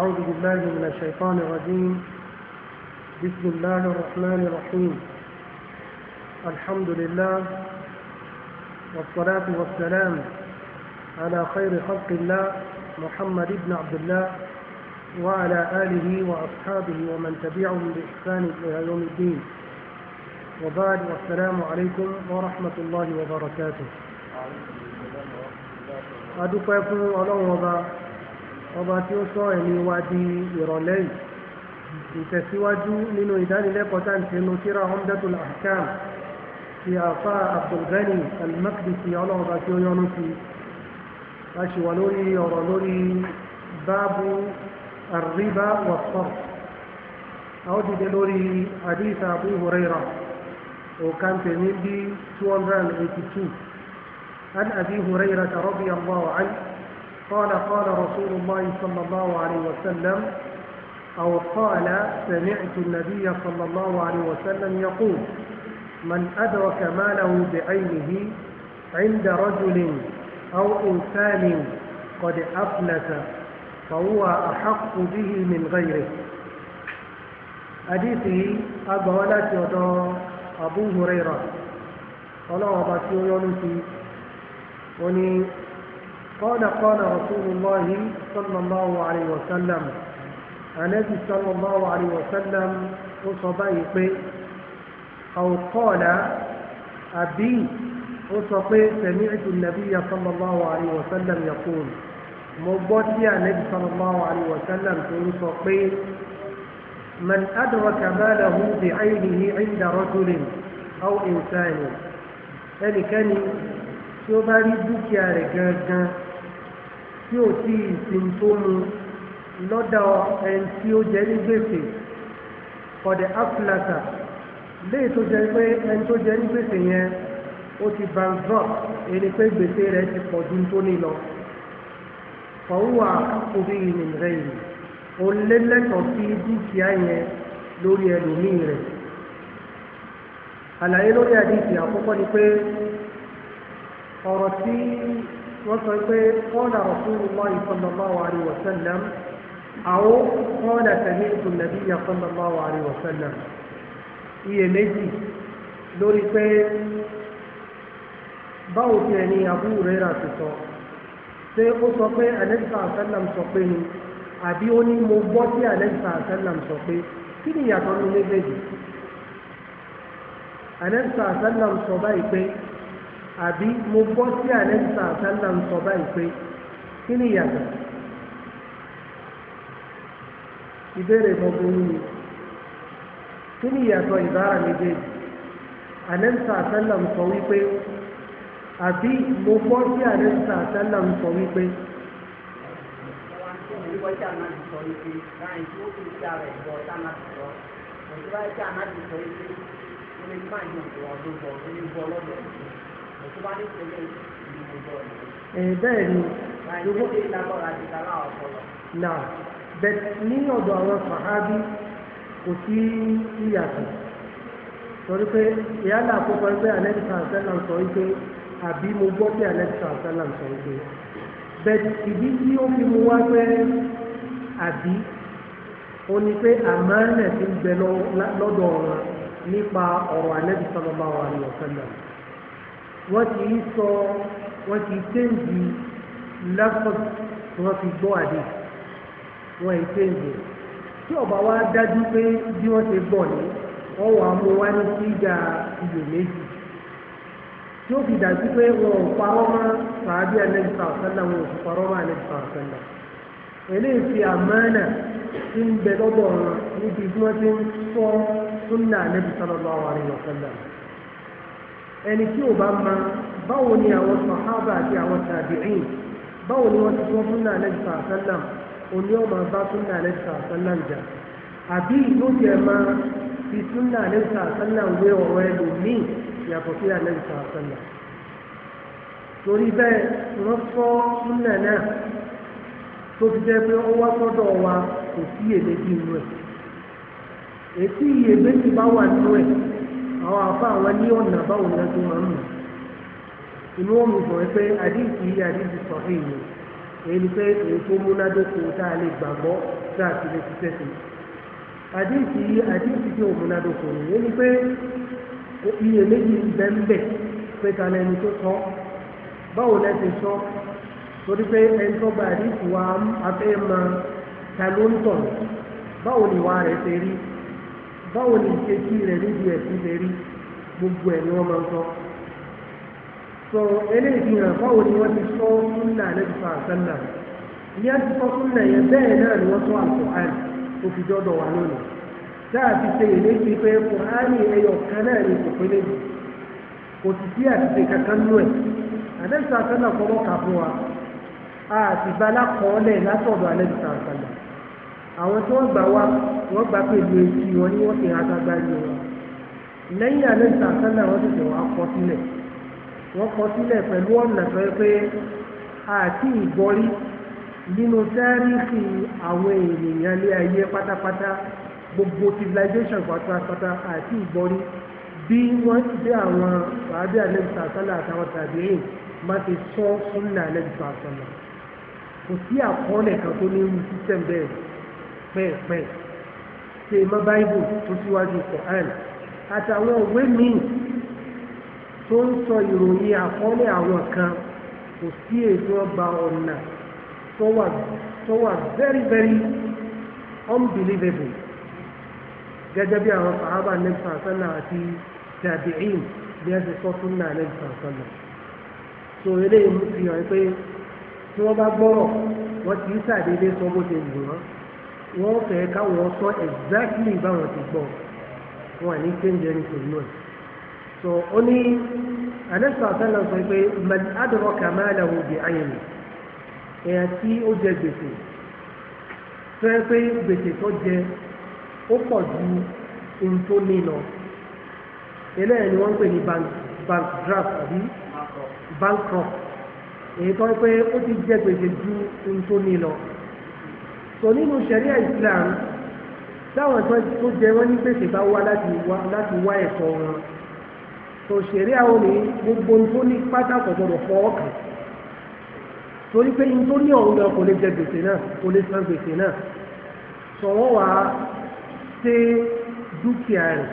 أعوذ بالله من الشيطان الرجيم بسم الله الرحمن الرحيم الحمد لله والصلاة والسلام على خير خلق الله محمد بن عبد الله وعلى آله وأصحابه ومن تبعهم بإحسان إلى يوم الدين وبعد والسلام عليكم ورحمة الله وبركاته أدوكم الله وبركاته ọba tí ó sọ ẹ̀mí wa di ìrọ̀lẹ́ yìí ìtẹ̀síwájú nínú ìdánilẹ́kọ̀ọ́ tá à ń tẹnu síra Umdatul Ahkam ti àfa Abdulghani Al-Maqdisi ọlọ́ọ̀ba tí ó yọ́nú sí a ṣì wà lórí ọ̀rọ̀ lórí báàbù àríbá wàsọ̀ a ó dìde lórí hadith Abu Hurairah وكان في 282 عن أبي هريرة رضي الله عنه قال قال رسول الله صلى الله عليه وسلم أو قال سمعت النبي صلى الله عليه وسلم يقول من أدرك ماله بعينه عند رجل أو إنسان قد أفلت فهو أحق به من غيره حديثي أبو يدا أبو هريرة قال أبو هريرة وني قال قال رسول الله صلى الله عليه وسلم النبي صلى الله عليه وسلم وصبيق أو قال أبي وصبيق سمعت النبي صلى الله عليه وسلم يقول مبوتي النبي صلى الله عليه وسلم وصبيق من أدرك ماله بعينه عند رجل أو إنسان يعني كان يبارك يا رجال tí ò tí ì sin tó mu lọ́dọ̀ ẹni tí ó jẹ ní gbèsè the aflata léè tó jẹ pé ẹni tó jẹ ní gbèsè yẹn ó ti bankrupt ẹni pé gbèsè rẹ̀ ti pọ̀ ju tó ní lọ fọwọ́ àkókòbí ìrìn rẹ̀ yìí ó lé lẹ́tọ̀ọ́ sí dúkìá yẹn lórí ẹlòmíì rẹ̀ àlàyé lórí àdìsí àkọ́kọ́ ni pé ọ̀rọ̀ tí wọ́n sọ pé kọ́nà Rasulullahi sallallahu alaihi wa sallam àwọn kọ́nà sami'tu nabiyya sallallahu alaihi wa sallam iyèméjì lórí pé báwo ti ẹni Abu Hurairah ti sọ ṣé ó sọ pé anẹ́sà àṣálàm sọ pé ni àbí ó ní mo gbọ́ sí anẹ́sà àṣálàm sọ pé kí ni ìyàtọ̀ ní méjèèjì anẹ́sà àṣálàm sọ báyìí pé àbí mo gbọ́ sí àlẹ́sà àtàlà ń sọ báyìí pé kí ni ìyàtọ̀ ìbéèrè gbogbo ni kí ni ìyàtọ̀ ìbára méjèèjì àlẹ́sà àtàlà ń sọ wípé àbí mo gbọ́ sí àlẹ́sà àtàlà ń sọ wípé. ìwọ́jà náà ti sọ wípé láàrin tí ó fi sí ara ẹ̀ náà ti sọ òṣèlú àìsí ti sọ wípé ó lè má yàn tó ọdún bọ̀ ó lè bọ́ lọ́dọ̀ ọ̀dún bẹ́ẹ̀ ni na bẹ́ẹ̀ ní ọ̀dọ̀ àwọn sàhábí kò sí ìyàtọ̀ torí pé ìyálà àkókò ẹgbẹ́ alẹ́dìkà àṣẹ́là ń sọ wípé àbí mo gbọ́ pé alẹ́dìkà àṣẹ́là ń sọ wípé bẹ́ẹ̀ ìdí tí ó fi mu wá pé àbí ó ní pé àmánà ti ń bẹ lọ́dọ̀ wọn nípa ọ̀rọ̀ alẹ́dìkà lọ́ba wa ni ọ̀sẹ̀ náà. wọ́n ti ń sọ wọ́n ti tẹ́ǹdì lápò tí wọ́n fi gbọ́ àdé wọ́n ti tẹ́ǹdì tí ọba wa dájú pé bí wọ́n ti gbọ́ ni wọ́n wà mú wá ní síjà iyò méjì tí ó fi dájú pé wọn ò parọ́ mọ́ sàábí ẹlẹ́gbẹ̀ta ọ̀sánlá wọn ò fi parọ́ mọ́ ẹlẹ́gbẹ̀ta ọ̀sánlá sọ ẹlẹ́gbẹ̀ta ẹni tí ò bá ma báwo ni àwọn sàhábà àti àwọn tàbíìn báwo ni wọ́n ti tọ́ súnà lẹ́gbẹ̀ẹ́ àṣálà òní ọmọ bá súnà lẹ́gbẹ̀ẹ́ àṣálà jà àbí ìlú jẹ ma fi súnà lẹ́gbẹ̀ẹ́ àṣálà wé ọ̀rọ̀ ẹlòmíì yàtọ̀ sí àlẹ́gbẹ̀ẹ́ àṣálà torí bẹ́ẹ̀ wọ́n fọ́ súnà náà tó fi jẹ́ pé ó wá sọ́dọ̀ wa kò sí iyèméjì nínú ẹ̀ iyèméjì bá wà nínú ẹ̀ àwọn afọ àwọn ní ọ̀nà báwọn náà tó máa ń mọ̀ inú wọn mú sọ pé àdìsí àdìsí sọ èyí èyí pé èyí tó múnádóko tá a lè gbàgbọ́ tá a sì lè fi tẹ̀sí àdìsí àdìsí tí ò múnádóko ni èyí pé iye méjì ń bẹ ń bẹ pé ta lẹni tó sọ báwo lẹ ti sọ torí pé ẹni tó gba àdìsí wa afẹ́ máa ta ló ń tọ̀ báwo ni wàá rẹ̀ ṣe rí báwo ni ìṣesí rẹ̀ níbi ẹ̀sìn lè rí gbogbo ẹ̀ ni wọ́n máa ń sọ sọ eléyìí hàn báwo ni wọ́n ti sọ súnà lẹ́bi fà sẹ́là ní a ti sọ súnà yẹn bẹ́ẹ̀ náà ni wọ́n sọ àlùkùránì tó fi jọ́dọ̀ wà lónìí dáa ti ṣe ìlékiri pé kùránì ẹyọ kan náà ni kò pélé yìí kò sì sí àtìṣe kankan nú ẹ̀ àdéhùn sàkánà fọwọ́ kà fún wa a sì bá alákọ̀ọ́lẹ̀ látọ̀dọ̀ àwọn tí wọ́n gbà wá wọ́n gbà pé ìlú etí wọn ni wọ́n ti ra gbagba ilé wọn lẹ́yìn àlẹ́sà sálà wọ́n tètè wá kọ sílẹ̀ wọ́n kọ sílẹ̀ pẹ̀lú ọ̀nà tó yẹ pé àti ìgbọ́rí nínú táríìkì àwọn ènìyàn ilé ayé pátápátá gbogbo civilization pátápátá àti ìgbọ́rí bí wọ́n bí àwọn bàbá àlẹ́sà sálà àtàwọn tàbí èyí má ti sọ súnà àlẹ́sà sálà kò sí àkọọ́lẹ̀ kan tó ní irú sísẹ̀m bẹ́ẹ̀ pẹ́ẹ̀pẹ́ ṣe mọ́ báíbù tó síwájú Quran àtàwọn òwe míì tó ń sọ ìròyìn àkọọ́lẹ̀ àwọn kan kò sí èdè ọba ọ̀nà tó wà very very unbelievable gẹ́gẹ́ bí àwọn sàábà nẹ́fà sánà àti tàbíìn bí ẹsẹ̀ so eléyìí mú fi hàn pé tí wọ́n bá gbọ́rọ̀ wọ́n ti ń sàdédé sọ bó wọ́n fẹ́ káwọn sọ exactly báwọn ti gbọ́ wọn ní change anything náà so ó ní anẹ́sọ̀ àtàlà sọ pé man adraka malahu bi ayni èèyàn tí ó jẹ gbèsè fẹ́ pé gbèsè tó jẹ ó pọ̀ ju ohun tó ní lọ eléyìí ni wọ́n ń pè ní bank draft àbí bankrupt èyí tó ń pé ó ti jẹ gbèsè ju ohun tó ní lọ tò nínú ṣẹ̀ríà Islam táwọn tó jẹ wọ́n ní gbèsè bá wá láti wá ẹ̀tọ́ wọn tò ṣẹ̀ríà wọn ni gbogbo tó ní pátákó gbọdọ̀ fọwọ́ kàn torí pé n tó ní ọ̀hún náà kò lè jẹ gbèsè náà kò lè san gbèsè náà sọ̀wọ́n wá ṣe dúkìá rẹ̀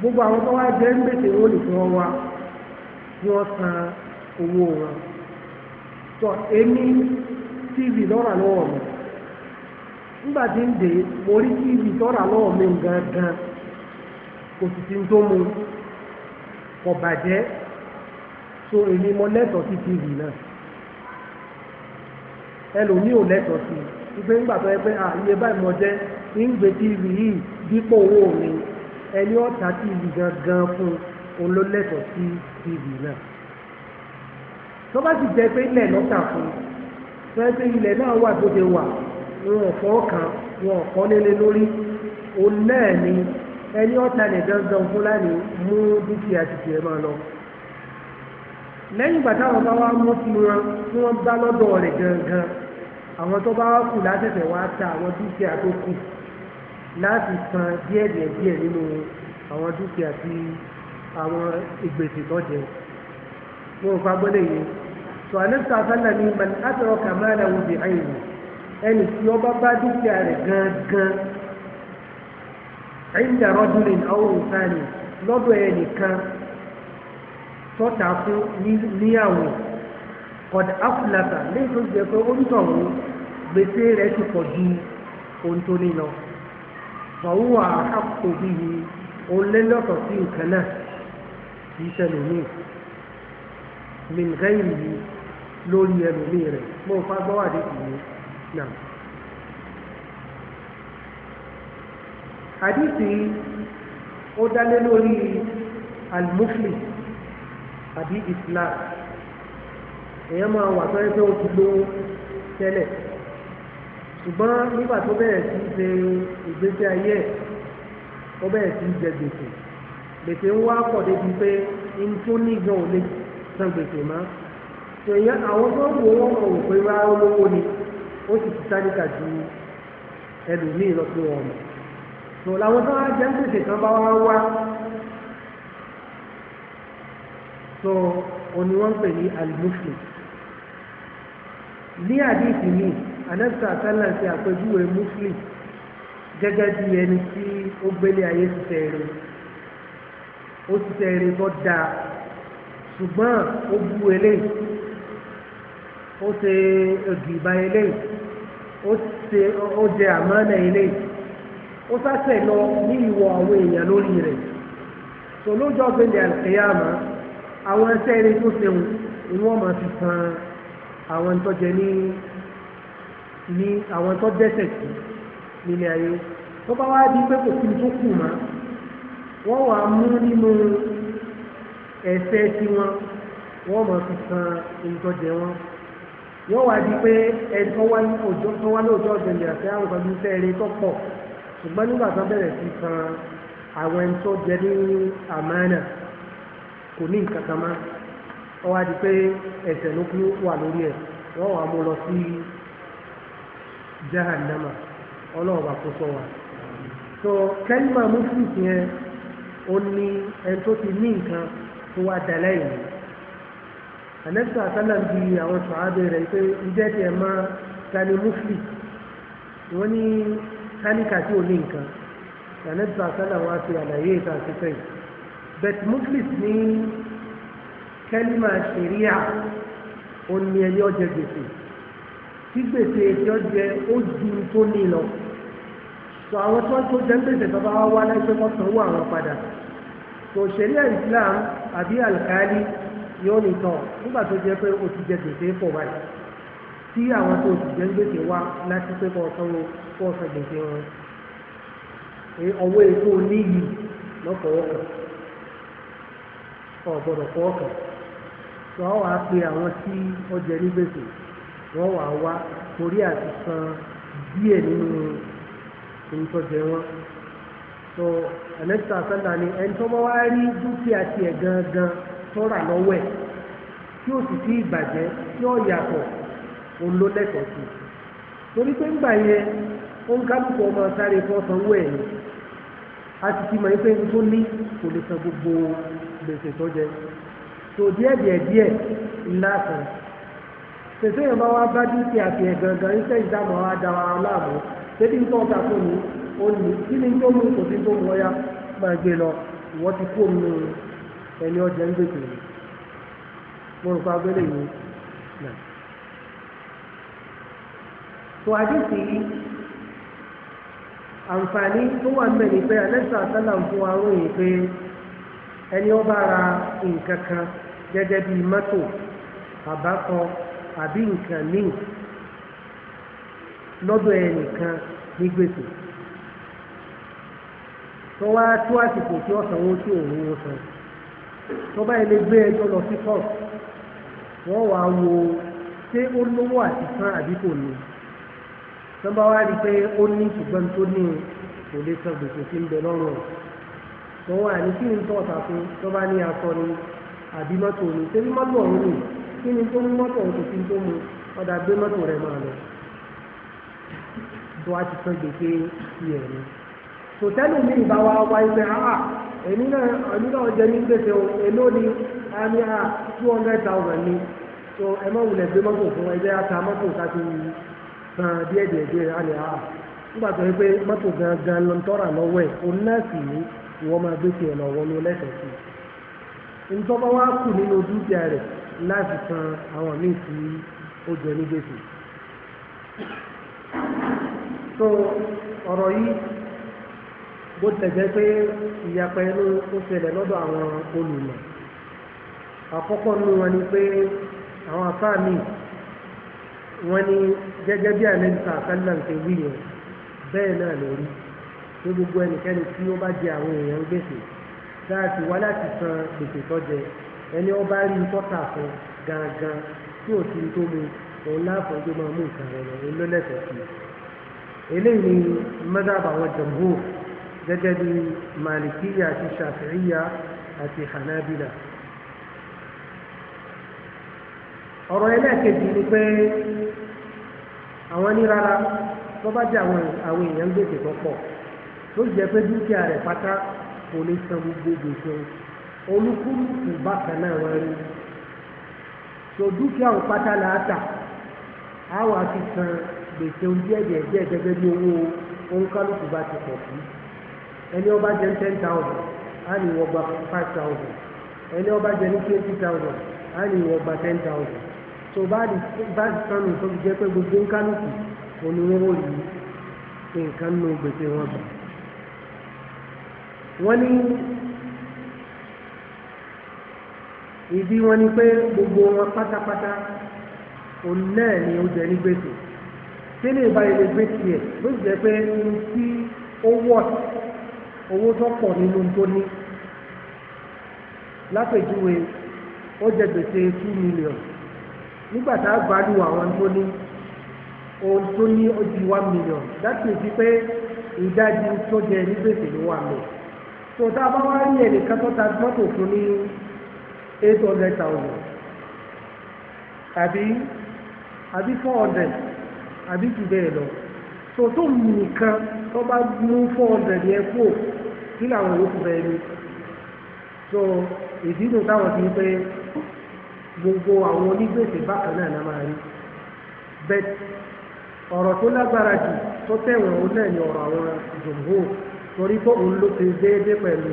gbogbo àwọn tó wá jẹ́ ń gbèsè wọn lè fi wọn kí wọ́n san owó wọn. tọ́ èmi tv lọ́rọ̀ lọ́wọ́ mi nígbà tí ń dé mo rí kí ibi tọ́ra lọ́wọ́ mi gangan kò sì ti ń tó mu kò bàjẹ́ so èmi mo lẹ́tọ̀ọ́ sí tv náà ẹlòmíì ò lẹ́tọ̀ọ́ sí ìgbé ńgbà tó yẹ pé à iye báyìí mo jẹ́ ń gbé tv yìí dípò owó mi ẹni ọ̀tá tv gangan fún òun ló lẹ́tọ̀ọ́ sí tv náà tó bá sì jẹ́ pé ilẹ̀ lọ́tà fún tó yẹ pé ilẹ̀ náà wà tó ṣe wà wọn ò fọ́ kan wọn ò fọ́ lórí òun náà ni ẹni ọ̀tá lè dandan fúlàní mú lọ. lẹ́yìn bàtà táwọn bá wá mú wọn tí wọ́n bá lọ́dọ̀ rẹ̀ gangan àwọn tó bá wá kù látẹ̀tẹ̀ wá ta àwọn dúkìá tó kù láti san díẹ̀ díẹ̀ díẹ̀ nínú àwọn dúkìá tí àwọn ìgbèsè tó jẹ wọn ẹni tí ọba bá dúkìá rẹ̀ gangan ẹ̀yìndà rọ́dúnrin àwọn òǹtaní lọ́dọ̀ ẹnìkan tọ́ta fún níyàwó kọ̀dà áfúlàtà lẹ́yìn tó jẹ́ pé oníṣòwò gbèsè rẹ̀ ti pọ̀ ju ohun tó ní lọ fàwùwà àkókò bíi olólọ́tọ̀ sí nǹkan náà kì í ṣẹlẹ̀ míì mìǹgẹ́yìn yìí lórí ẹlòmíì rẹ̀ mo fagbọ́wádìí kìíní náà hadithi ó dálé lórí almufli àbí islam èèyàn máa wà sọ́yẹ́ pé ó ti lówó tẹ́lẹ̀ ṣùgbọ́n nígbà tó bẹ̀rẹ̀ sí ṣe ìgbésí ayé ẹ̀ ó bẹ̀rẹ̀ sí jẹ gbèsè gbèsè ń wá pọ̀ débi pé n tó ní gan ò lè san gbèsè mọ́ ṣèyàn àwọn tó ń wò wọ́n mọ̀ wò pé rárá olówó ni ó sì ti sáníkà ju ẹlòmíì lọ sí wọn tó làwọn tó wá jẹ ń pèsè kan bá wá wá tó òní wọn pè ní alimufi ní àdìsí mi anẹ́sà àtàlà ti àpèjúwe muslim gẹ́gẹ́ bí ẹni tí ó gbélé ayé ṣiṣẹ́ eré ó ṣiṣẹ́ eré tó dáa ṣùgbọ́n ó bú eléyìí ó ṣe ògì ìbá eléyìí ó ṣe ó jẹ àmánà ilé ó sásẹ̀ lọ ní ìwọ àwọn èèyàn lórí rẹ̀ tó lójọ́ gbẹ̀lẹ̀ àlùkìyàmà àwọn ẹsẹ̀ eré tó ṣeun ni wọ́n máa fi san àwọn tó jẹ ní ní àwọn tó dẹ́ṣẹ̀ sí nílé ayé tó bá wá di pé kò sí tó kù mọ́ wọ́n wàá mú nínú ẹsẹ̀ tiwọn wọ́n máa fi san ìtọ́jẹ wọn yóò wá di pé ẹjọ́ wá ní òjò tó wá lóòjọ́ ọ̀gbẹ̀lẹ̀ àti àwọn ọ̀gbẹ̀lẹ̀ iṣẹ́ eré tó pọ̀ ṣùgbọ́n nígbà tó bẹ̀rẹ̀ sí kan àwọn ẹni tó jẹ ní àmánà kò ní nǹkan kan mọ́ ọ wá di pé ẹsẹ̀ ló kú wà lórí ẹ̀ wọ́n wá mú lọ sí jahannama ọlọ́run bá kó sọ wa. so kẹ́lí máa mú fún ìsìn yẹn ó ní ẹni tó ti ní nǹkan tó wá dalẹ́ yìí àlẹ́sà sálàm di àwọn sọ̀hábẹ́ rẹ̀ pé ìjẹ́ tí ẹ̀ máa tani mufli wọ́n ní tálíkà tí ò ní nǹkan àlẹ́sà sálàm wá sí àlàyé ìta àtúntẹ̀ yìí bẹ̀t mufli ní kẹ́límà ṣẹ̀ríà ó ní ẹni ọjẹ́ gbèsè tí gbèsè ẹjọ́ jẹ ó ju tó ní lọ sọ àwọn tó ń tó jẹ́ gbèsè tó bá wá láìpẹ́ kọ́ sanwó àwọn padà sọ ṣẹ̀ríà Islam àbí alkali yóò ní tán nígbà tó jẹ́ pé o ti jẹ gbèsè pọ̀ báyìí tí àwọn tó ti jẹ gbèsè wá láti pé kọ́ ọ̀sán wo kọ́ gbèsè wọn ọwọ́ epo níyì lọ́kọ̀ọ́ kan ọ̀gbọ̀dọ̀ kọ́ ọ̀kan wàá pe àwọn tí ọjẹ́ ní gbèsè wọ́n wàá wá torí àti san díẹ̀ nínú ìtọ́jẹ wọn so ẹ̀lẹ́tà sẹ́ńtà ni ẹni bá wá rí dúkìá tiẹ̀ gangan tó lọ́wọ́ ẹ̀ tí ó sì fi ìbàjẹ́ tí ó yàtọ̀ òun ló lẹ́tọ̀ọ́ torí pé ńgbà yẹn ó ń kálukú ọmọ sáré fọ́ sanwó ẹ̀ ni a ti fi mọ̀ pé n tó ní kò lè san gbogbo gbèsè tó jẹ tó díẹ̀ díẹ̀ díẹ̀ ńlá kan tẹ̀sẹ̀ yẹn bá wá bá dúkìá fi ẹ̀ gangan iṣẹ́ ìdámọ̀ wa da wa láàmú tẹ́bí ń ta fún mi ó ní kí ni tó mú kò sí tó mú ọ ya máa gbé lọ ìwọ́ ti kó mi ẹni ọjà ń gbèsè rẹ̀ mo rò pa abẹ́lé yìí nà. tó àdéhùn yìí àǹfààní tó wà níbẹ̀ pé alẹ́sà sálà ń fún arún yìí pé ẹni ọba nǹkan kan gẹ́gẹ́ bíi mọ́tò àbákọ àbí nǹkan míì lọ́dọ̀ ẹnìkan tó bá ilé gbé ẹjọ́ lọ sí court wọ́n wá wo ṣé ó lówó àti san àbí kò ní tó bá wá rí i pé ó ní ṣùgbọ́n tó ní kò lè san gbèsè tí ń bẹ lọ́rùn ẹ̀ tó wà ní kí n tọ́ta fún tó ní aṣọ ni àbí mọ́tò ni ṣé bí mọ́tò ọ̀hún ni kí ni tó mú mọ́tò ọ̀hún kò tó mu ọ̀dà gbé mọ́tò rẹ̀ máa lọ tó wá ti san gbèsè tiẹ̀ ni tòtẹ́lù mi ìbá wa wáyé pé áà èmi náà èmi náà jẹ ní gbèsè o èló ni a ní a two hundred thousand so ẹ má wulẹ̀ gbé mọ́tò fún ẹgbẹ́ ata mọ́tò káti san díẹ̀ díẹ̀ díẹ̀ a lè a nígbà tó yẹ pé mọ́tò gangan ló ń tọ́ra lọ́wọ́ ẹ̀ òun náà sì ní ìwọ máa gbé tiẹ̀ lọ́wọ́ ló lẹ́tọ̀ọ́ sí i ntọ́ba wa kù nínú dúkìá rẹ̀ láti san àwọn míì tí ó jẹ ní gbèsè so ọ̀rọ̀ yìí bó tẹ̀jẹ́ pé ìyapa inú ó ṣẹlẹ̀ lọ́dọ̀ àwọn olùmọ̀ àkọ́kọ́ nínú wọn ni pé àwọn afá mi wọ́n ní gẹ́gẹ́ bí àlẹ́ǹkà àkálàn ṣe wí yẹn bẹ́ẹ̀ náà lórí pé gbogbo ẹnikẹ́ni tí ó bá jẹ àwọn èèyàn gbèsè láti wá láti san gbèsè tó jẹ ẹni ó bá rí tọ́ta fún gangan tí ò ti tó mu òun láàfọ̀jọ́ máa mú nǹkan rẹ̀ lọ lọ́lẹ́sọ̀ọ́ sí i eléyìí ni mẹ́tàbà àwọn jọ̀mbó gẹ́gẹ́ bí malikiya àti shafi'iya àti hanabila ọ̀rọ̀ ẹlẹ́ẹ̀kejì ni pé àwọn ní rárá tó bá jẹ́ àwọn èèyàn gbèsè tó pọ̀ tó jẹ́ pé dúkìá rẹ̀ pátá kò lè san gbogbo gbèsè olúkúlùkù bákan náà wọ́n rí so dúkìá òun pátá là á tà á wà fi san gbèsè oúnjẹ díẹ̀ gẹ́gẹ́ bí owó òǹkálùkù bá ti pọ̀ sí i ẹni ọba jẹ ten thousand á ní gba five thousand ẹni ọba jẹ ní twenty thousand á ní gba ten thousand So bá di kánú tó jẹ pé gbogbo kálukú oníwọ́wọ́ yìí nǹkan nù gbèsè wọn gbà wọ́n ní ìdí wọn ni pé gbogbo wọn pátápátá òun náà ni ó jẹ ní gbèsè tí lè bá ilé gbèsè ẹ̀ ló jẹ pé ohun tí ó wọ̀ owó tó pọ̀ nínú tó ní lápèjúwe ó jẹ gbèsè two million nígbà tá a gbádùn àwọn tó ní ohun tó ní ó di one million láti fi pé ìdajì tó jẹ ní gbèsè ló wà lọ tó tá a bá wá rí ẹnìkan tó ta mọ́tò fún ní eight hundred thousand àbí àbí four hundred àbí jù bẹ́ẹ̀ lọ tó tó nìkan tó bá mú four hundred yẹn kúrò kí làwọn yòókù bẹ́ẹ̀ ni so ìdílé táwọn ti ń pé gbogbo àwọn onígbèsè bákan náà náà máa rí bẹ́ẹ̀ ọ̀rọ̀ tó lágbára jù tó tẹ̀wọ̀n òun náà ni ọ̀rọ̀ àwọn jòǹgò torí pé òun ló ti déédé pẹ̀lú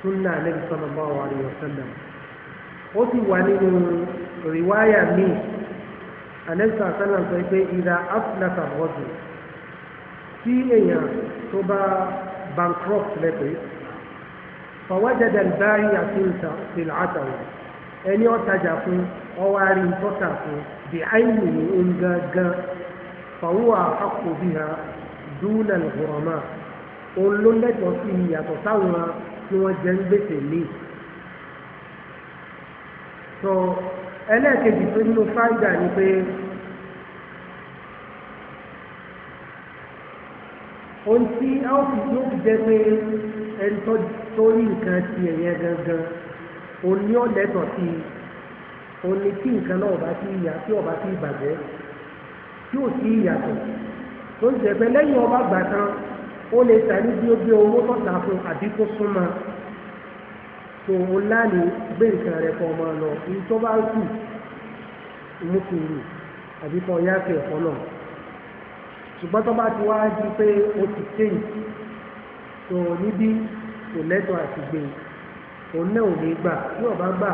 súnà Ànábì sallallahu alaihi wasallam ó sì wà nínú rìwáyà míì Ànábì sallallahu sọ pé ìdá áfíríkà rọ̀jù tí èèyàn tó bá bankrupt lẹ́pẹ́ fọwọ́jẹ̀dẹ̀ báyìí àfihàn ìlàtàwọ̀ ẹni ọ̀tajà fún ọwọ́ àrí tọ́ta fún bí àìní ní ngangan fọwọ́ àkọ́kọ́ bí ha dúnà lùhùrọ̀mà olólẹ́tọ̀ sí ìyàtọ̀ táwọn tí wọ́n jẹ́ ń gbèsè ní. sọ ẹlẹ́ẹ̀kejì tó nínú fáìdà ni pé. So, ohun tí a ó fi yóò fi jẹ́ pé ẹni tó rí nǹkan ti ẹ̀yẹn gangan òun ni ó lẹ́tọ̀ọ́ sí i òun ni tí nǹkan náà ọba ti yà tí ọba ti bàjẹ́ tí ò sí ìyàtọ̀ tó ń jẹ́ pé lẹ́yìn ọba gbà tán ó lè tà ní bí ó gbé owó tó tà fún àbí kó súnmọ́ tó o láàánú gbé nǹkan rẹ kọ ọmọ lọ ní tó bá kù mú kúrú àbí kọ yáfẹ́ ọ̀pọ̀ náà ṣùgbọ́n tó bá ti wá di pé o ti change tó níbí kò lẹ́tọ̀ àti gbé e. òun náà ò ní gbà tí ọba gbà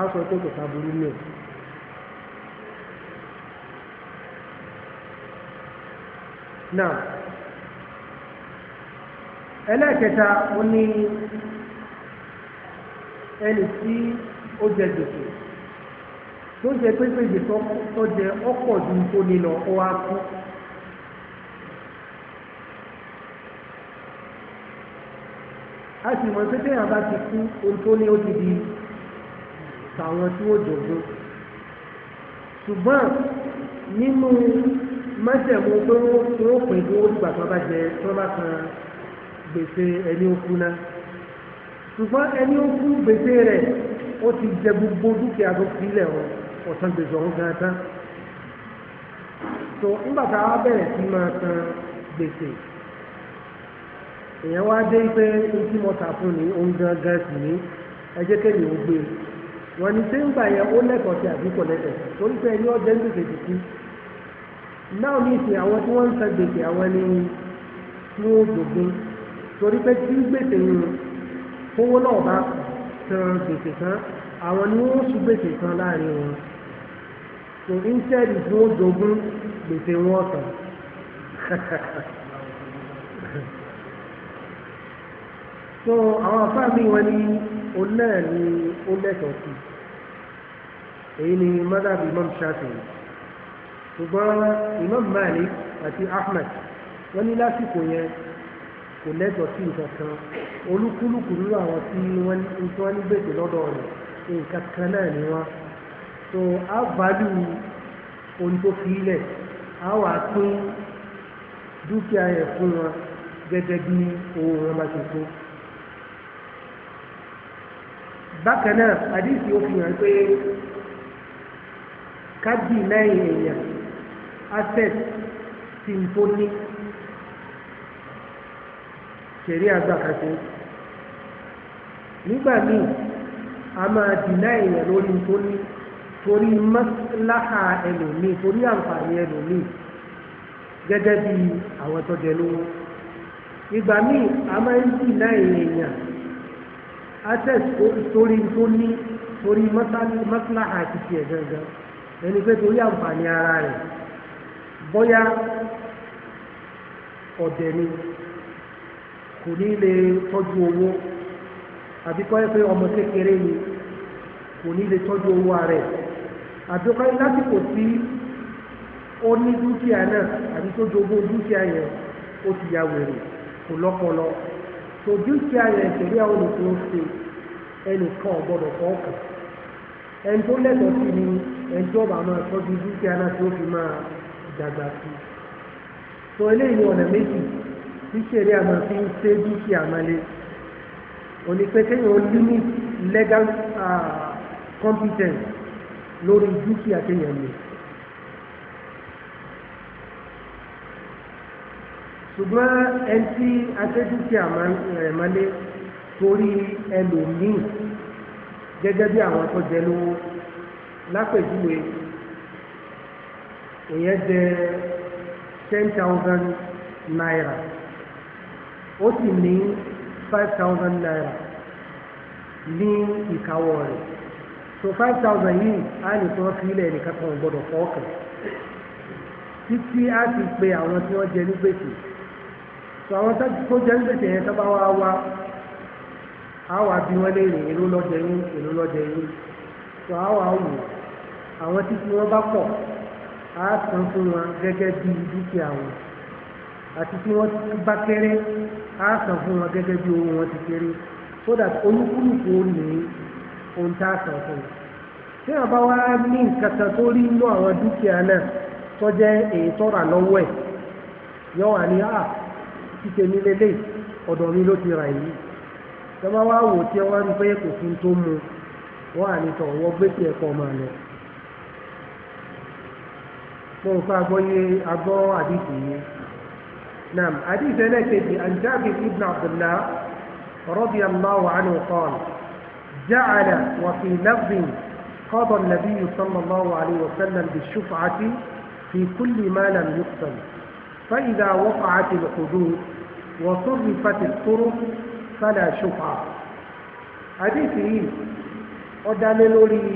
á sọ pé kò sábúrú ní o. náà ẹlẹ́ẹ̀kẹta ó ní ẹni tí ó jẹ gbèsè tó jẹ pé gbèsè tó jẹ ọ̀pọ̀ ju tó ní lọ ó wá kú. a sì mọ̀ pé téèyàn bá ti kú ohun tó ní ó ti di tàwọn tí ó jogún ṣùgbọ́n nínú májẹ̀mú pé wọ́n pè ní onígbà tó bá jẹ tó bá kan gbèsè ẹni okú náà ṣùgbọ́n ẹni okú gbèsè rẹ̀ ó ti jẹ gbogbo dúkìá tó filẹ̀ wọn ọ̀sán gbèsè ọ̀hún gan tán so nígbà tá a bẹ̀rẹ̀ sí máa san gbèsè èèyàn wá dé pé ojú mọ́ta fún ni òun gangan sì e. ní ẹjẹ́ kẹ́mi ò gbé wọn ni sẹ́ńgbà yẹn ó lẹ́kọ̀ọ́ sí àbíkọ̀ lẹ́kọ̀ọ́ torí pé ẹni ọjọ́ ń tètè tìkú náà ní ìsìn àwọn tí wọ́n ń san gbèsè àwọn ni tí wọ́n gbògbin torí pé tí gbèsè yìí kówó náà bá san gbèsè kan àwọn ni wọ́n sún gbèsè kan láàrin wọn so instead tí wọ́n jogún gbèsè wọn sàn. so àwọn afá mi wọn ni òun náà ni ó lẹ́tọ̀ọ́ sí èyí ni madhab imam shafi'i ṣùgbọ́n imam malik àti ahmed wọ́n ní lásìkò yẹn kò lẹ́tọ̀ọ́ sí nǹkan kan olúkúlùkù nínú àwọn tí wọ́n ń tí wọ́n ní gbèsè lọ́dọ̀ rẹ̀ nǹkan kan náà ni wọ́n so á bàálù ohun tó fi ilẹ̀ á wà pín dúkìá yẹn fún wọn gẹ́gẹ́ bí owó wọn bá ṣe tó bákan náà àdìsí ó fi hàn pé kájì lẹ́yìn èèyàn access ti ń tó ní ṣẹ̀rí àgbàkàṣe nígbà míì a máa dìná èèyàn lórí tó ní torí mọ́láhà ẹlòmíì torí àǹfààní ẹlòmíì gẹ́gẹ́ bí àwọn tó lówó ìgbà míì a máa ń dìná èèyàn access sórí tó ní torí mọ́sálà àti tiẹ̀ gangan ẹni pé torí àǹfààní ara rẹ̀ bóyá ọ̀dẹ̀ ni kò ní lè tọ́jú owó àbí kọ́ ẹ pé ọmọ kékeré ni kò ní lè tọ́jú owó rẹ̀ àbí kọ́ ẹ lásìkò tí ó ní dúkìá náà àbí tó jogún dúkìá yẹn ó ti ya wèrè kò lọ́pọlọ tó dúkìá yẹn ìṣẹ̀rí àwọn olùkọ́ ṣe ẹnìkan ọ̀gbọ́dọ̀ fọ́ọ̀kàn ẹni tó lẹ́tọ̀ọ́ sí ni ẹni tó bá máa tọ́jú dúkìá náà tó fi máa dàgbà sí i tó eléyìí ni ọ̀nà méjì tí ṣẹ̀rí àmọ́ fi ń ṣe dúkìá mọ́lé òní pé legal ah, competence lórí dúkìá kéèyàn lè. ṣùgbọ́n ẹni tí atẹ́dúkìá rẹ̀ mọ́lé torí ẹlòmíì gẹ́gẹ́ bí àwọn tó jẹ lówó lápèjúwe èèyàn jẹ ten thousand naira ó sì ní five thousand naira ní ìkáwọ́ rẹ̀ so five thousand yìí á ní tí wọ́n fi ilẹ̀ nìkan kan gbọ́dọ̀ fọ́ ọkàn títí á ti pe àwọn tí wọ́n jẹ ní gbèsè. àwọn tó jẹ́ ń gbèsè yẹn tó bá wá wá àwọn àbí wọn lè rìn èló lọ́jọ́ yín èló lọ́jọ́ yín tó àwọn àwò àwọn títí wọn bá pọ̀ á san fún wọn gẹ́gẹ́ bí dúkìá wọn àti tí wọ́n bá kéré á fún wọn gẹ́gẹ́ bí wọn ti kéré so that olúkúlùkù ó ní ohun tá a san fún wọn. tí wọn bá wá ní nǹkan kan tó rí inú àwọn dúkìá náà tó jẹ́ èyí lọ́wọ́ ẹ̀ yọ wà ní àpò. Ah, títẹ mi lélẹ̀ ọ̀dọ̀ mi ló ti rà yìí tọ́ba wá wò tí wọ́n ń pé kò fún tó mu wọ́n á ní tọ̀wọ́ gbé sí ẹ̀kọ́ máa lọ. mo ń fa agbọ́yé agbọ́ àdìsí yìí نعم حديث لك عن جابر بن عبد الله رضي الله عنه قال جعل وفي لفظ قضى النبي صلى الله عليه وسلم بالشفعة في كل ما لم يقتل فإذا وقعت الحدود وصرفت الطرق فلا شفعة حديثه ودلل لي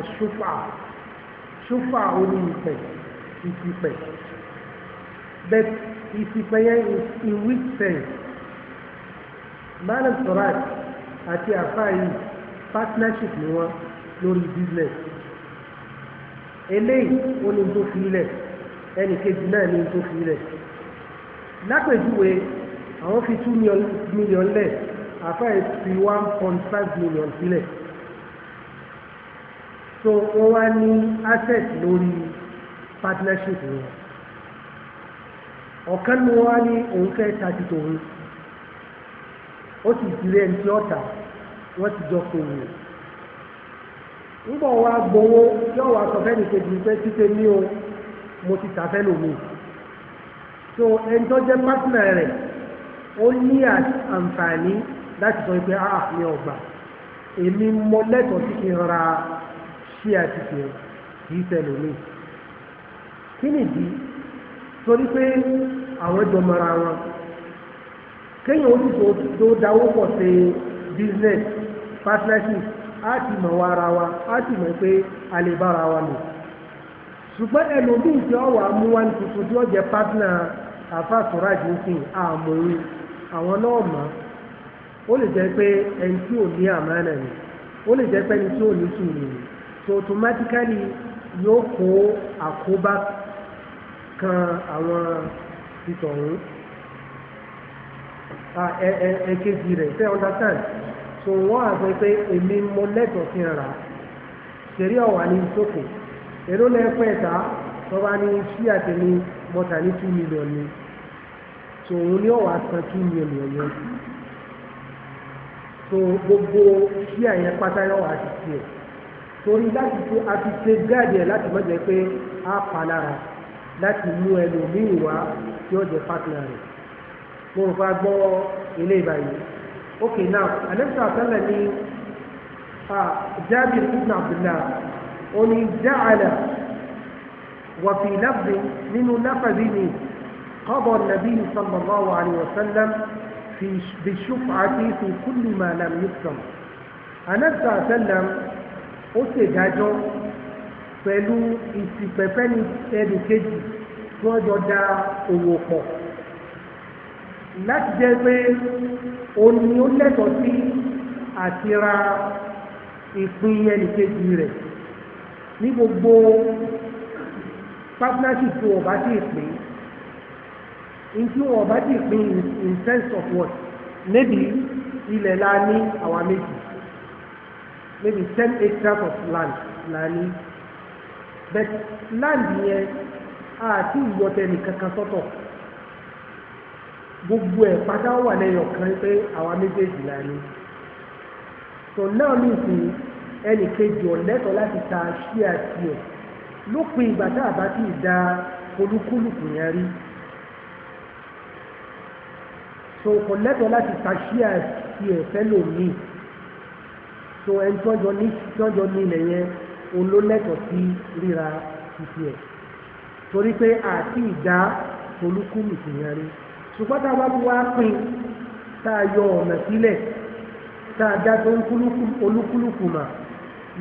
الشفعة شفعة لي ìfìfẹ̀ but ìfìfẹ̀ yẹn in which sense malam sorat àti àfáàyè partnership ni wọ́n lórí business eléyìí ó ní tó fi ilẹ̀ ẹnì kejì náà ní tó fi rẹ̀ lápèjúwe àwọn fi two million lẹ̀ àfáà fi one point five million sílẹ̀ so wọ́n wá ní asset lórí partnership wọn ọ̀kan ni wọ́n wá ní òun fẹ́ ta ti tòun ó sì jíire ẹni tí ó tà wọ́n ti jọ kò wù ń bọ̀ gbowó yóò wá sọ fẹ́ni kejì pé títẹ ní o mo ti tàfẹ́ lómi so ẹni tó jẹ́ pátínà rẹ̀ ó ní àǹfààní láti sọ pé a ah, ní ọgbà èmi mọ lẹ́tọ̀ọ́ sí kí n ra ṣí àtìkè kì í tẹ̀lómi kí nìdí torí pé àwọn ẹjọ́ mara wọn kéèyàn ó sì tó dáwó pọ̀ sí business partnership á ti mọ̀ wa ara wa á ti mọ̀ pé a lè bára wa lò ṣùgbọ́n ẹlòmíì tí ọwọ́ amúwáni tuntun tí ó jẹ́ pátínà àfàtúrà ìdínkìn àmọ́rí àwọn náà mọ̀ ó lè jẹ́ pé ẹni tí ò ní àmánà ni ó lè jẹ́ pé ẹni tí ò ní sùúrù ni so automatically yóò kó àkóbá kan àwọn títọ̀hún ẹ̀kejì rẹ̀ ṣe understand so wọ́n á sọ pé èmi mo lẹ́tọ̀ọ́ fi hàn rà ṣeré ọ̀wà ní ìjókòó èrò lẹ́ẹ̀fẹ́ ta tó bá ní sí àtẹ̀mí mọ́ta ní two million ni so òun ni ó san two million yẹn so gbogbo sí àyẹn pátá yóò wàá ti tiẹ̀ torí láti ṣe àti ṣe gáàdì ẹ̀ láti má jẹ́ pé á pa lára láti mú ẹlòmíì wá tí ó jẹ́ rẹ̀ mo rò pa gbọ́ ilé ìbàyìí ok now alẹ́ sọ àtẹ́lẹ̀ ní ah, Jabir ibn Abdullah oní ja'ala wàfi lafzi nínú láfàbí ni qabr nabi sallallahu alayhi wa sallam fi shuf'ati fi kulli ma lam yusam anabta sallam ó ṣèdájọ́ pẹ̀lú ìsìpẹ̀fẹ́ni ẹnì kejì tí wọ́n jọ da òwò pọ̀ láti jẹ́ pé òun ni ó lẹ́tọ̀ọ́ sí àti ìpín ẹnì kejì rẹ̀ ní gbogbo partnership tí wọ́n bá ti pín in tí wọ́n bá ti pín in sense of what maybe ilẹ̀ la ní àwa méjì maybe ten acres of land la ní but land yẹn àti ìyọtẹ̀lì kankan sọ́tọ̀ gbogbo ẹ̀ pátá wà lẹ́yọ̀ kan pé àwa méjèèjì la ní so now ní ìsinyìí ẹnì kejì ọ̀lẹ́tọ̀ láti ta ṣí àti ẹ̀ lópin ìgbà tá a bá ti da olúkúlùkù yẹn rí so ọ̀lẹ́tọ̀ láti ta ṣí àti ẹ̀ fẹ́lòmíì so ẹni tọ́jọ ní tọ́jọ ní ilẹ̀ yẹn olólẹ́tọ̀ sí ríra títí ẹ̀ torí pé àti ìdá olúkúlùkù yẹn rí ṣùgbọ́n tá a bá wá pín tá a yọ ọ̀nà sílẹ̀ tá a dá tó olúkúlùkù mà.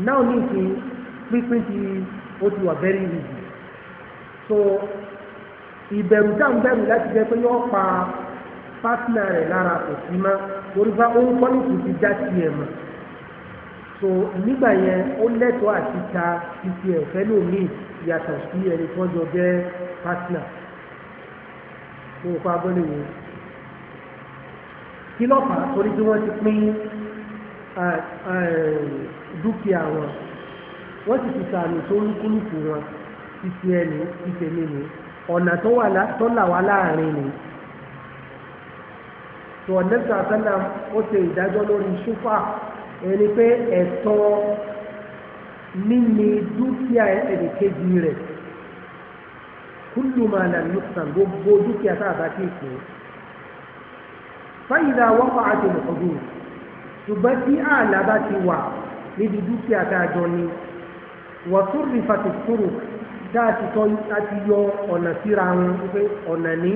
Now ní ìsìn pínpín ti ó ti very easy so ìbẹ̀rù tá ń bẹ̀rù láti jẹ́ pé yóò pa pátínà rẹ̀ lára kò sí mọ́ torí bá ó ń kọ́ nìkú ti já tiẹ̀ mọ̀ so nígbà yẹn ó lẹ́tọ̀ọ́ àti ta títí ẹ̀fẹ́ lòmíì yàtọ̀ sí ẹni tó jọ jẹ́ pátínà mo kọ́ abọ́lé yẹn kí lọ́pàá torí bí wọ́n ti pín dúkìá wọn wọ́n sì ti sàmì tó lúkúlùkù wọn títí ẹni títí ẹni ni ọ̀nà tó là wá láàrin ni tó ọ̀nẹ́sà sálà ó ṣe ìdájọ́ lórí ṣúfà ẹni pé ẹ̀tọ́ níní dúkìá ẹnì kejì rẹ̀ kúlù máa nà nùsàn gbogbo dúkìá tá a bá kí ìpín fáyìlà wọ́pọ̀ àti ìmọ̀kọ́dúnrún ṣùgbọ́n tí ààlà bá ti wà níbi dúkìá dájọ́ ni wọ́túrì fàtìkúrù tá a ti tọ́ a ti yọ ọ̀nà síra wọn pé ọ̀nà ní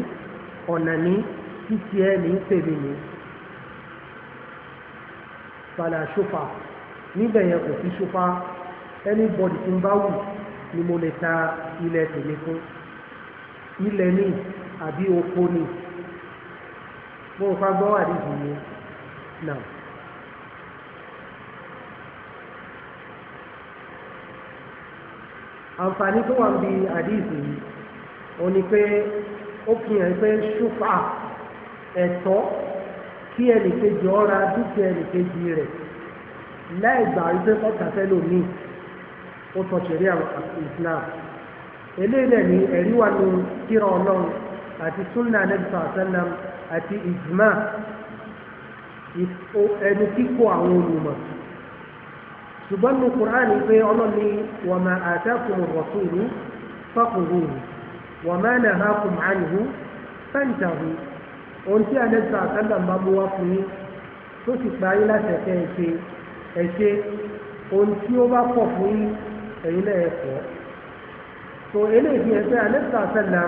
ọ̀nà ní títí ẹ ní tèmi ní. Fàlà ṣòfà níbẹ̀ yẹn kò sí ṣòfà anybody tí ń bá wù ni mo lè ta ilẹ̀ tèmi fún. Ilẹ̀ ní àbí oko ní. Mo fà gbọ́ àdìsí yẹn náà. àǹfààní tó wà ń bi àdìsí yìí òun ni pé ó fi hàn pé ṣùfà ẹ̀tọ́ kí ẹnìkejì ọ̀ra dúkìá ẹnìkejì rẹ̀ láì gbà wípé kọ́tàfẹ́ lòmíì ó sọ ṣẹ̀rí àwọn Islam eléyìí dẹ̀ ní ẹ̀rí wà ní kíra ọlọ́run àti sunna anabisa asalam àti ijma ẹnu kíkó àwọn olùmọ̀ ṣùgbọ́n ní kùránì pé ọlọ́ni wọ́n máa àtàkùn rọ̀tùrù fọ́kùnrùn wọ́n máa nà ha kùn ánìhù fẹ́ǹtàhù ohun tí àdẹ́sà àtàlà máa mú wá fún yín tó sì parí láti ẹ̀kẹ́ ẹ̀ṣẹ̀ ẹ̀ṣẹ̀ ohun tí ó bá pọ̀ fún yín ẹ̀yin náà ẹ̀kọ́ tó eléyìí ẹ̀ṣẹ̀ àdẹ́sà àtàlà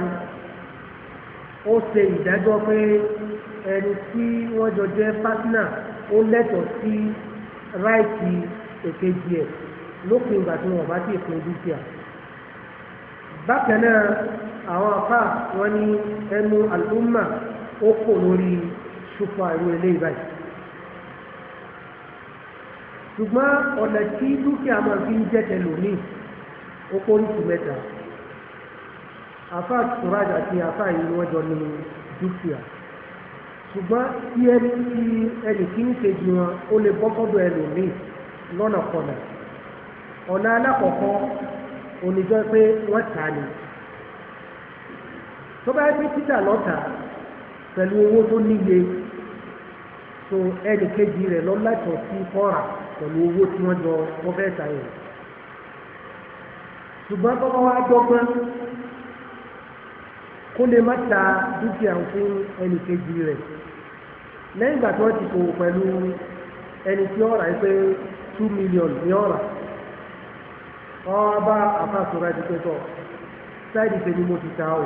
ó ṣe ìdájọ́ pé ẹni tí wọ́n jọ jẹ́ pátínà ó lẹ́tọ̀ọ́ sí ráìtì èkejì ẹ̀ lópin ìgbà tí wọ́n bá ti pín dúkìá bákan náà àwọn afá wọn ní ẹnu àlùmà ó kò lórí ṣùfà ìlú ilé ìbáyìí ṣùgbọ́n ọ̀nà tí dúkìá máa fi ń jẹ́ tẹlòmíì ó kó oríṣi mẹ́ta afá sùrájà àti afá yìí ni wọ́n jọ ní dúkìá ṣùgbọ́n tí ẹni tí ẹnì kí ń kejì wọn ó lè bọ́ sọ́dọ̀ ẹlòmíì lọ́nà kọ̀nà ọ̀nà alákọ̀ọ́kọ́ oníjọ́ pé wọ́n tà ní tó bá pé títà lọ́tà pẹ̀lú owó tó níye so ẹnì kejì rẹ̀ lọ látọ̀ sí kọ́ra pẹ̀lú owó tí wọ́n jọ wọ́n fẹ́ tà yẹn ṣùgbọ́n bọ́bá wa dọ́gbọ́n kó lè má ta dúkìá fún ẹnì kejì rẹ̀ lẹ́yìn ìgbà tí ti kò pẹ̀lú ẹni tí ó rà pé two million ní ọ̀rà ọ̀rọ̀ bá àfàsọ̀rọ̀ àti pẹ̀tọ̀ sáìdì tèmi mo ti ta o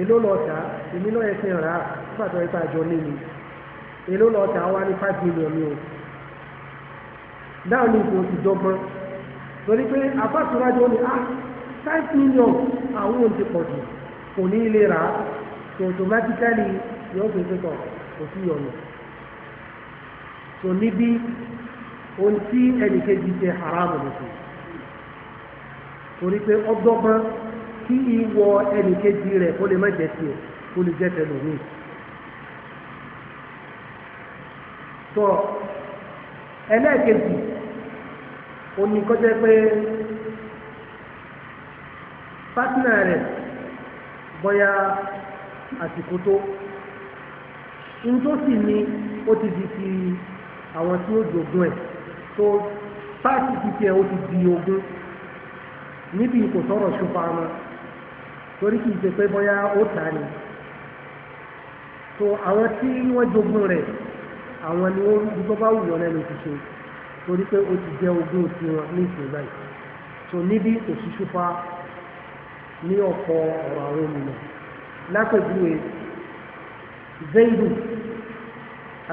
èló lọ tà èmi náà yẹ kí n rà á fàtọ̀ ipa àjọ lé mi èló lọ wá ní five million ni o náà ní ìfòsì dọ́gbọ́n torí pé àfàsọ̀rọ̀ àjọ ni ah five million àwọn ohun tí pọ̀ jù kò ní ilé rà so automatically yóò fi pẹ̀tọ̀ kò sí yọ̀nà so níbi ohun tí ẹnìkejì ṣe haram nìkan torí pé ọgbọ́gbọ́n kí ìwọ ẹnìkejì rẹ̀ kó lè má jẹ́ tiẹ̀ kó lè jẹ́ tẹlómi. sọ ẹlẹ́ẹ̀kejì òní kọjá pé pátínà rẹ̀ bọ́yá àsìkò tó ń tó sì ní ó ti di ti àwọn tí ó jogún ẹ̀ tó páàkì títí ẹ̀ ó ti di ogún níbi kò sọ̀rọ̀ ṣùpá ọmọ torí kìí ṣe pé bóyá ó tà ní so àwọn tí wọ́n jogún rẹ̀ àwọn ni ó rí tó bá wù wọn lẹ́nu ti ṣe torí pé ó ti jẹ́ ogún ti wọn ní ìsìn báyìí níbi kò ṣùpá ní ọ̀pọ̀ ọ̀rọ̀ àwọn ènìyàn lápẹ̀júwe Zaidu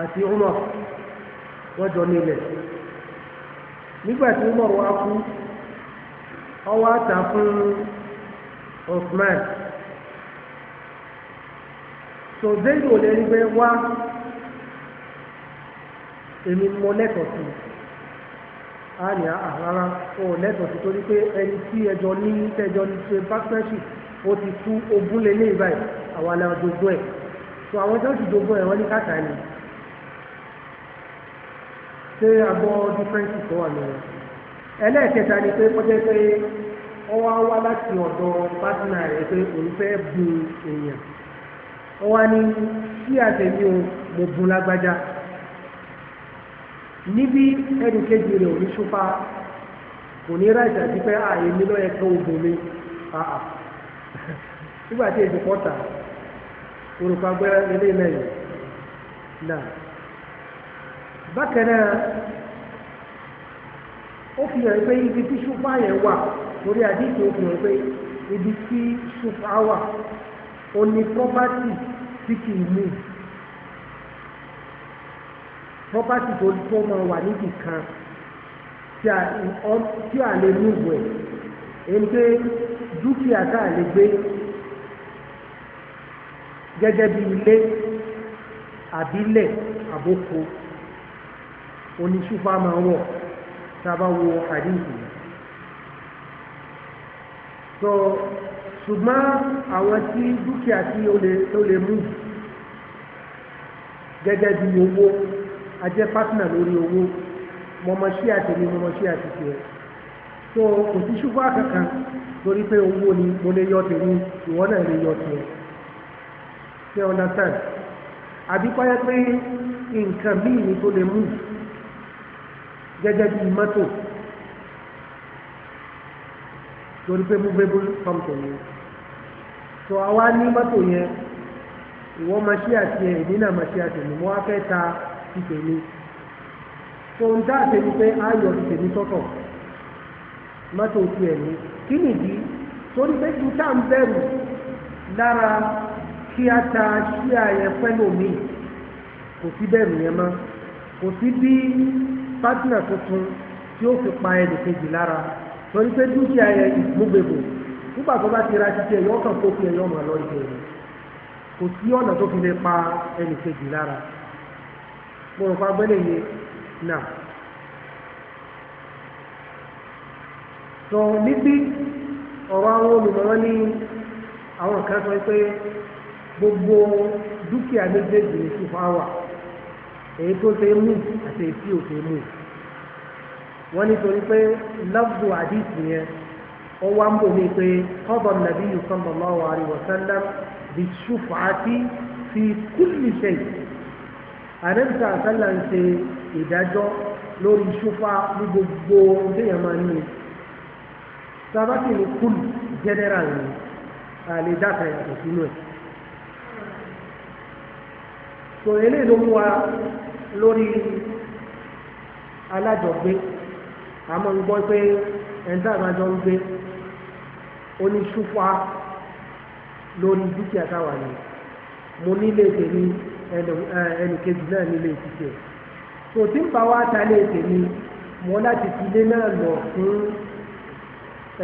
àti Umar wọ́n jọ nílẹ̀ nígbà tí Umar wá kú ọwọ́ àtà fún Osman so zayd ò lè rí bẹ́ẹ̀ wá èmi mo lẹ́tọ̀ọ́ sí a ní àhárá ah, ó lẹ́tọ̀ọ́ sí torí pé ẹni tí ẹjọ́ ní tẹjọ́ ní ṣe partnership ó ti kú ogún lé ní ìbáyìí àwọn alájogún ẹ̀ so àwọn tó ti jogún ẹ̀ wọ́n ní kàtà ṣé abọ́ dífẹ́ǹsì tó wà lọ́wọ́ ẹlẹ́ẹ̀kẹta ni pé kọjá pé ó wá wá láti ọ̀dọ̀ pátánà rẹ̀ pé òun fẹ́ bu èèyàn ó wá ní kí àtẹ̀mí o mo bun lágbájá níbi ẹnì kejì rẹ̀ ò ní ṣúpa kò ní àti pé ààyè mi lọ́yẹ bákan náà ó fi hàn pé ibi tí ṣúfà yẹn wà torí àdìsí ó fi hàn pé ibi tí ṣúfà wà ó ní property tí kì í mú property tó tó máa wà níbì kan tí a lè mú ìwẹ̀ èyí pé dúkìá tá a lè gbé gẹ́gẹ́ bí ilé àbílẹ̀ àbókò oníṣúfà máa wọ̀ tá a bá wo hadith yìí so ṣùgbọ́n àwọn tí dúkìá tí ó lè mú gẹ́gẹ́ bí owó a jẹ́ pátínà lórí owó mọ̀mọ́ sí àtẹ̀mí mọ̀mọ́ sí àtìkẹ́ so kò sí ṣùgbọ́n kankan torí pé owó ni mo lè yọ tèmi ìwọ náà lè yọ tèmi ṣé understand àbí páyẹ́ pé nǹkan míì ni tó lè mú gẹ́gẹ́ bí mọ́tò torí pé movable something ni so àwa ní mọ́tò yẹn ìwọ máa ṣí àti ẹ̀ èmi náà máa ṣí àti ẹ̀mí mo wá fẹ́ ta ti tèmi so ń dá àtẹ̀mí pé ayọ̀ ti tèmi sọ́tọ̀ mọ́tò ti ẹ̀mí kí nìdí torí pé ju tá à ń bẹ̀rù lára kí a ta ṣí àyẹ̀ pẹ́lú mi kò sí bẹ̀rù yẹn mọ́ kò sí bí pátínà tuntun tí ó fi pa ẹnì kejì lára torí pé dúkìá yẹn ìmúgbèbò nígbà tó bá ti ra títí ẹ yọ kàn kó fi ẹ yọ mọ lọ ìjẹ rẹ kò sí ọ̀nà tó fi lè pa ẹnì kejì lára mo rò pa gbẹ́lẹ̀ yẹn náà. sọ níbí ọ̀rọ̀ àwọn olùmọ̀ràn ní àwọn kan sọ pé gbogbo dúkìá méjèèjì ní ṣùfà wà èyí tó ṣe mú àti èyí tí ò ṣe mú wọ́n nítorí pé lọ́gbù àdìsí yẹn ó wá ń bò mí pé kọ́bọ̀ nàbí sallallahu alaihi wasallam bí ṣùfàátì fi kulli shay àdẹ́sà sálà ń ṣe ìdájọ́ lórí ṣùfà ní gbogbo déyàn máa ní sábàtì ní kúlù general ní àlè dáta yàtọ̀ ẹ̀ tó eléyìí ló mú wa lórí alájọgbé àmọ́ ń gbọ́ pé ẹ̀ńtà àbájọ ń gbé ó ní ṣúfà lórí dúkìá táwa ni mo nílé tèmi ẹnìkejì náà nílé títì tò tí ń bá wa ta lé tèmi mo láti fi ilé náà lọ fún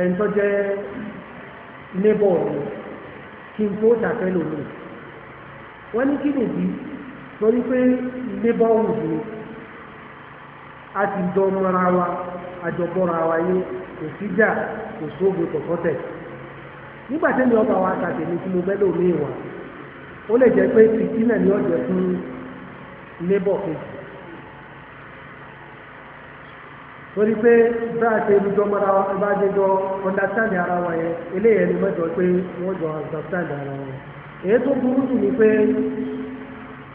ẹni tó jẹ́ nébọ̀ mi kí n tó tàfẹ́ lòmìn wọ́n ní kí nìdí torí pé neighborhood ni a ti jọ mọ́ra wa àjọpọ̀ra wa yé kò síjà kò sóògùn kọ̀kọ́tẹ̀ nígbà tẹ́mi ọba wa ta tèmi tí mo fẹ́ lómi ìwà ó lè jẹ́ pé fìtínà ni fún neighbor kejì torí pé bá a ṣe jọ mọ́ra wa bá a ṣe jọ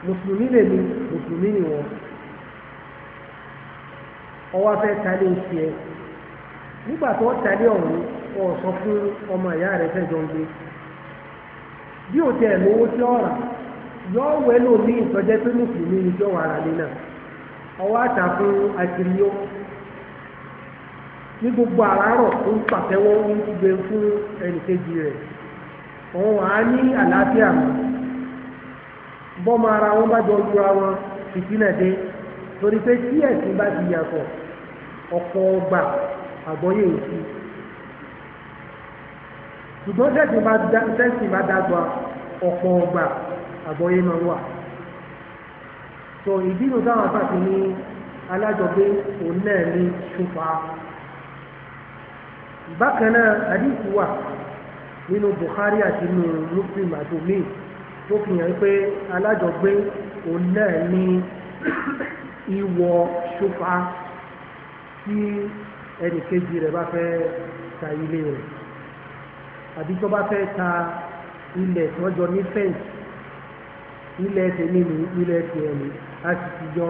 mùsùlùmí lè ní mùsùlùmí ni wọn ọwọ́ afẹ́ talé tiẹ̀ nígbà tó fún ọmọ ìyá rẹ̀ fẹ́ jọ ń bí lówó tí rà yọ wẹ pé ni jọ lé náà ọwọ́ àtà fún ní gbogbo àràárọ̀ tó ń pàtẹ́wọ́ ń gbé fún bọ́mọ ara wọn bá jọ jura wọn fìtínà dé torí pé tí ẹ̀sìn bá ti yàtọ̀ ọ̀pọ̀ ọgbà àgbọ́yé òsì ṣùgbọ́n tẹ́sìn bá dàgbà ọ̀pọ̀ ọgbà àgbọ́yé máa wà so ìdínú táwọn àpàtì ní alájọgbé òun náà ní ṣùpá bákan náà àdìsí wà nínú Bukhari àti nínú Muslim àti omi tó fi hàn pé alájọgbé òun náà ní ìwọ ṣófà tí ẹnì kejì rẹ̀ bá fẹ́ ta ilé rẹ̀ àbí tó bá fẹ́ ta ilẹ̀ tí wọ́n jọ ní fẹ́ǹsì ilẹ̀ tèmi ní ilẹ̀ tiẹ̀ ní a sì ti jọ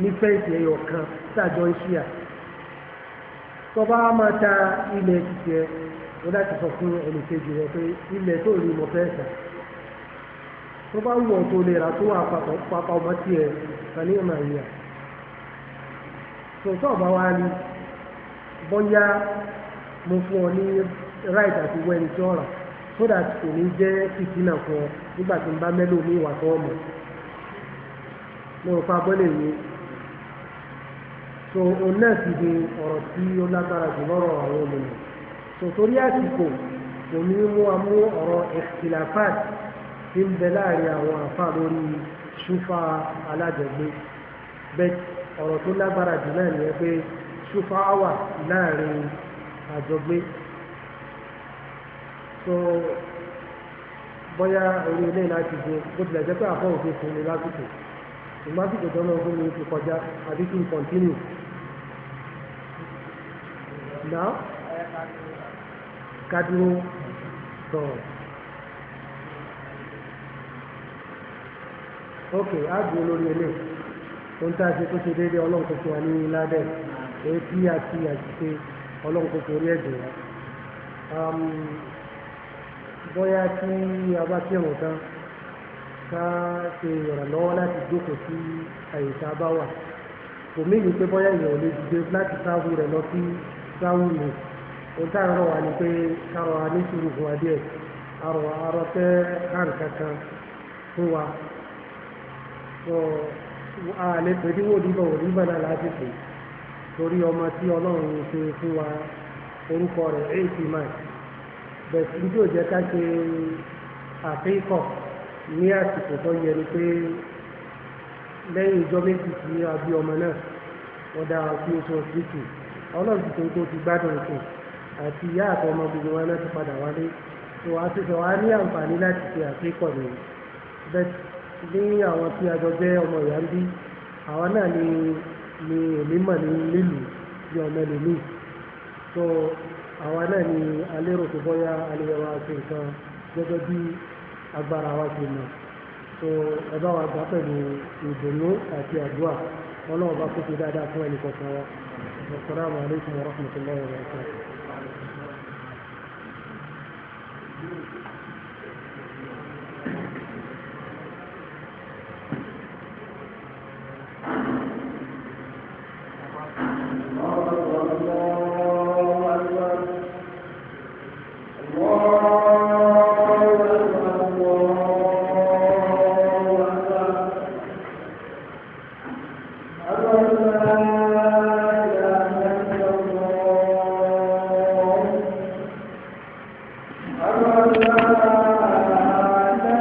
ní fẹ́ǹsì ẹyọ kan sàjọ ìṣíà tó bá máa ta ilẹ̀ tiẹ̀ wọ́n láti sọ fún ẹnì kejì rẹ̀ pé ilẹ̀ tó rí mo fẹ́ sàn tó bá wù ọ́ tó lè ra tó wà papọ̀ ọmọ tiẹ̀ pẹ̀lú ìmọ̀ ìyà tòótọ́ ọ̀bá wa ni bọ́yá mo fún ọ ní right àti wẹ́n tí ọ̀rà so that kò ní jẹ́ ìdínà fún ọ nígbà tí n bá mẹ́lò ní ìwà tó ọmọ mo rò pa bọ́lẹ̀ yìí so òun náà ti di ọ̀rọ̀ tí ó lágbára jù lọ́rọ̀ àwọn ènìyàn so torí àsìkò kò ní mú amú ọ̀rọ̀ ẹ̀kìlàfáàtì tí ń bẹ láàrin àwọn àfa lórí ṣúfà alájẹgbé bẹ́ẹ̀ ọ̀rọ̀ tó lágbára jù náà nìyẹn pé ṣúfà wà láàrin àjọgbé so bóyá orí ilé láti gbé bó tilẹ̀ jẹ́ pé àbọ̀ òfin fún mi lásìkò ìgbà tí kò tọ́lọ́ fún mi ti kọjá àbí kí n kọ̀ntínú. Now, kádúró sọ̀rọ̀. ok á dúró lórí ilé ohun tá a ṣe tó ṣe déédéé ọlọ́run kò ní ládẹ́ èyí tí a ti àṣìṣe ẹ̀jẹ̀ wa bóyá tí a bá tán ká ṣe ìrànlọ́wọ́ láti jókòó sí àyè tá a bá wà kò pé bóyá a rọ̀ wá ni àlẹ́ pẹ̀lú òdìbò òdìbò náà láti pè torí ọmọ tí ọlọ́run ṣe fún wa orúkọ rẹ̀ eighty man bẹ̀sí tí ò jẹ́ ká ṣe àfihàn ní àsìkò tó yẹ ni pé lẹ́yìn ìjọ méjì tí a bí ọmọ náà wọ́n dára sí oṣù ọ̀sìtì ọlọ́run ti tó ti gbádùn ìsìn àti ìyá àtọmọ gbogbo wọn náà ti padà wálé tó a ti sọ wá ní àǹfààní láti ṣe àfihàn nìyí bẹ́ẹ̀ bí àwọn tí a jọ jẹ́ ọmọ ìyá ń bí àwa náà ni ni èmi mọ̀ ní lílù bí ọmọ ẹlòmíì so àwa náà ni alérò tó bọ́yá alẹ́yẹwà ṣe nǹkan gẹ́gẹ́ bí agbára wa ṣe mọ̀ so ẹ bá wa gbà pẹ̀lú ìdùnnú àti àdúrà ọlọ́run bá kó ṣe dáadáa fún ẹnì kọ̀ọ̀kan wa assalamu alaikum warahmatullahi wabarakatuh.